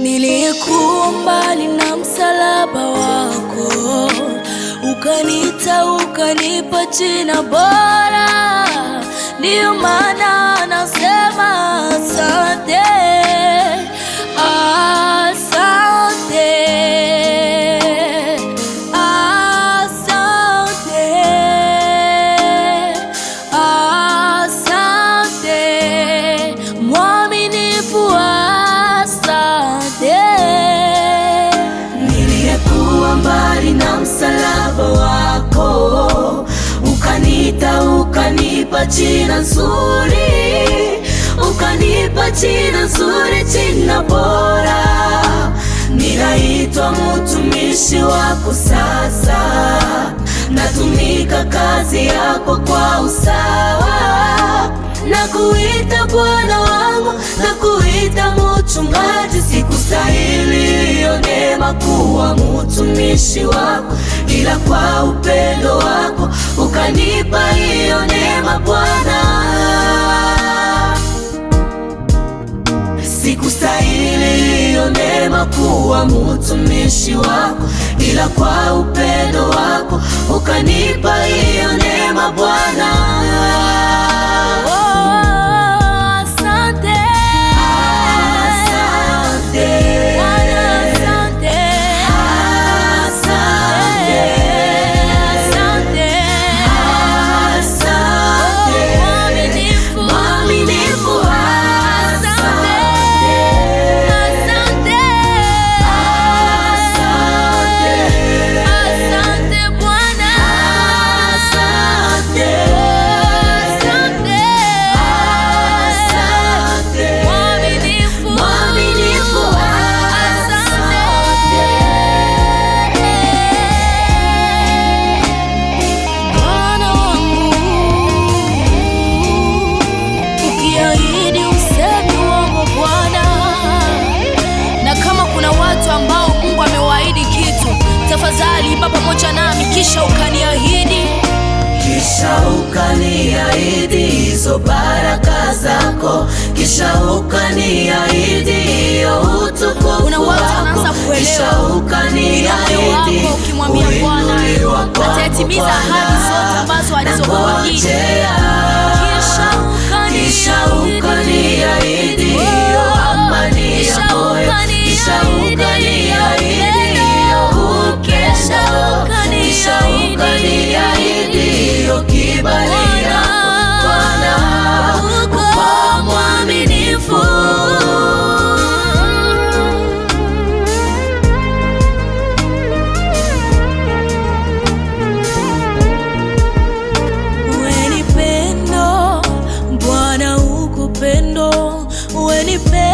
Niliyekuwa mbali na msalaba wako, ukaniita ukanipa jina bora, ndiyo maana nasema asante. ukanita, ukanipa jina nzuri, ukanipa jina nzuri, jina bora. Ninaitwa mtumishi wako sasa, natumika kazi yako kwa usawa, nakuita Bwana wangu, nakuita mchungaji, sikustahili yo neema kuwa mtumishi wako, ila kwa upendo kwa upendo wako ukanipa hiyo neema Bwana. baraka zako, kisha ukaniahidi hiyo utukufu wako, kisha ukaniahidi uinuliwa kwangu, Bwana nangojea be